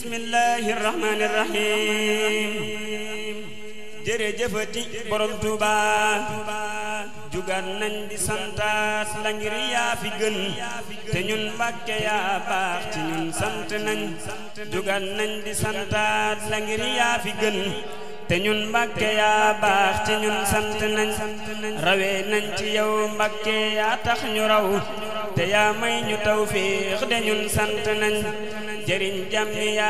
bismillaahi rahmaani rahiim jërëjëfati borom Touba nañ di santaat la ngir yaa fi gën te ñun Mbàkke yaa baax ci ñun sant nañ di santaat la ngir yaa fi Mbàkke yaa baax ñun sant nañ rawee nañ ci yow Mbàkke yaa tax ñu raw te yaa may ñu tawfiix de ñun sant nañ jëriñ jàmm ya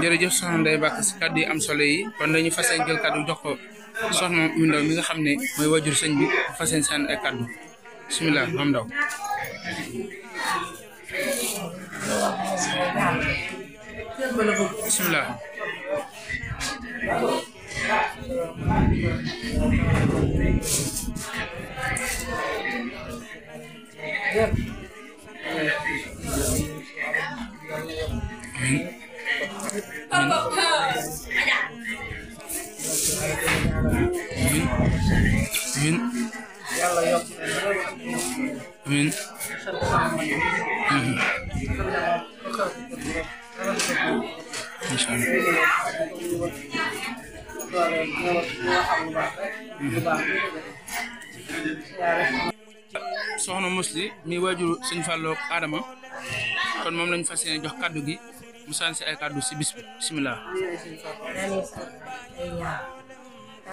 jërëjëf soxna nday Mbacke si kàddu yi am solo yi kon dañu fas yéene jël kàddu jox ko soxna yu ndaw mi nga xam ne mooy wajur sëñ bi fas yéene ay kàddu bisimilah maam ndaw. bisimilah. Amin. soxna Musli mi waajuru sëñ Fallou Adama kon moom lañ fas yéene jox kàddu gi mu sànni si ay kàddu si bis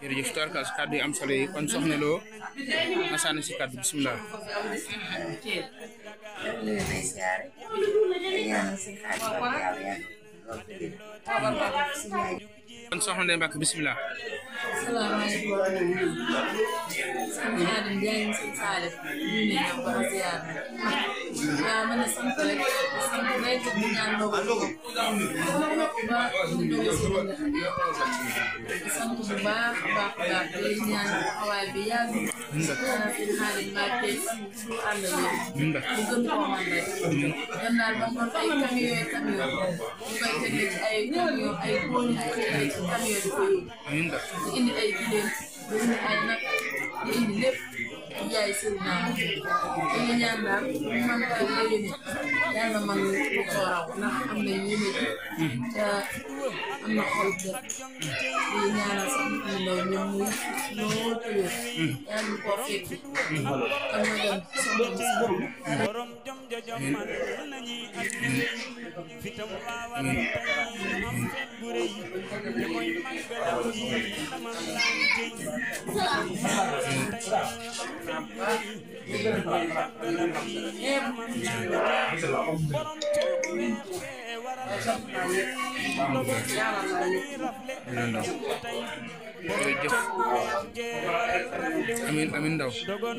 jërëjëf tarkaas kàddu yi am solo kon soxna loo ma sànni si kàddu bisimilah. kon soxna Ndeye Mbacke bisimilah. salaamaaleykum sëñ Adim Ndiaye ñu sëñ Salif ñu ne ñoom ba ziar waaw ma ne sant rek sant rek di ñaan ndogu ba ñu doon si ñu sant bu baax a baax a baax di ñaan xawaay bi yàgg sëñ Adim Mbacke su àll bi bu gën koo man rek ñoom daal ba mu ay camion camion ñu koy teg ci ay camion ay ay camion di ko yóbbu indi ay gileem di indi ay nag di indi lépp yaay Serigne Ndao te ñu ñaan daal man daal ma yónnee yàlla man lu ko raw ndax am na yéene te am na xol bu di ñaanal sax nit ñi ndaw ñoom muy lool te wér yàlla ñu ko fekki. jommal nañuy ak ñëw fitam waral tey ñu am fet bu rëy te mooy màggalam ji dama laan jëñ borom ndaw dogon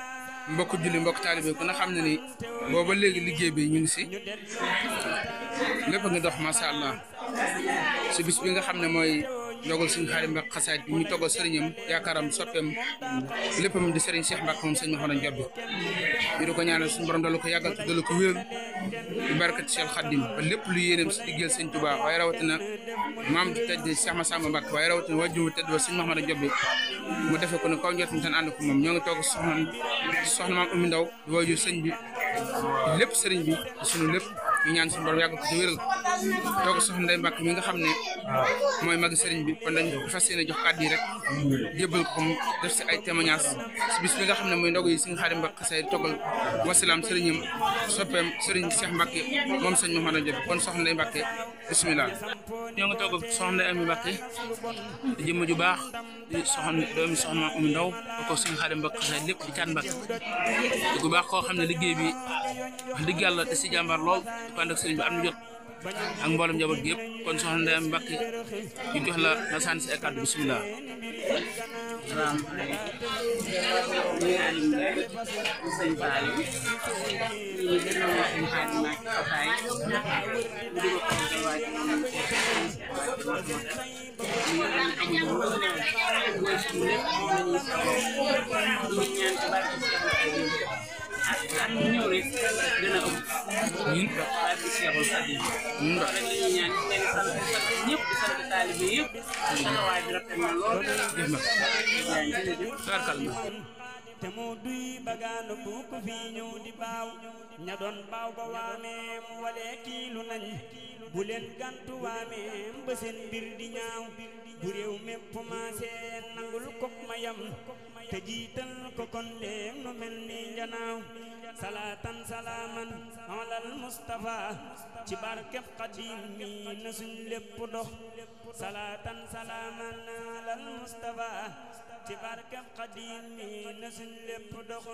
mbokk julli mbokk taalibe ku na xam ne ni booba léegi liggéey bi ñu ngi si lépp nga dox macha allah si bi nga xam ne mooy dogal sëñ Xaadim Mbàkke xasaayid bi mu toggal sëriñam yaakaaram soppeem léppam di sëriñ Cheikh Mbàkke moom sëñ Maxamadu Joob bi ñu di ko ñaanal suñu borom dalu ko yàggal te ko wér di barkat Cheikh Xaadim ba lépp lu yéeneem si diggéel sëñ Tuubaa waaye rawatina maam di tedd Cheikh Massamba Mbàkke waaye rawatina wàjju tedd wa sëñ Maxamadu Joob bi mu defee ko ne kaw njot mu tan ànd moom ñoo ngi toog soxna soxna maam Umi Ndaw di wàjju bi lépp sëriñ bi suñu lépp ñu ñaan suñu borom yàggal ko te wéral toog soxna Ndeye Mbacke mi nga xam ne mooy mag sëriñ bi kon dañ fas yéene jox kàddu yi rek jébal ko def si ay témoignage si bis bi nga xam ne mooy ndogu yi si nga xaari Mbacke say toggal wasalaam sëriñam soppeem sëriñ Cheikh Mbacke moom sëñ Mouhamed Diop kon soxna Ndeye Mbacke bismillah ñoo ngi toog soxna Ndeye Amy Mbacke di jëmm ju baax di soxna doomi soxna Oumy Ndaw ko si nga xaari say lépp di caan Mbacke di ku baax koo xam ne liggéey bi wax dëgg yàlla da si jàmbaar lool ànd bi am jot ak mbolam njaboot gep kon soxna Ndeye Mbacke ñu jox la ak ñëw te moo duy bagaanu ku ko fi ñëw di baaw ña doon baaw ba waameem walee kiilu nañ bu leen gantu waameem ba seen mbir di ñaaw. bu réew mépp maase nangul kok mayam te jiital ko kon léem nu mel ni salaatan salaaman alal mustafa ci barkeb ci barkeb xadim mi na suñ lépp dox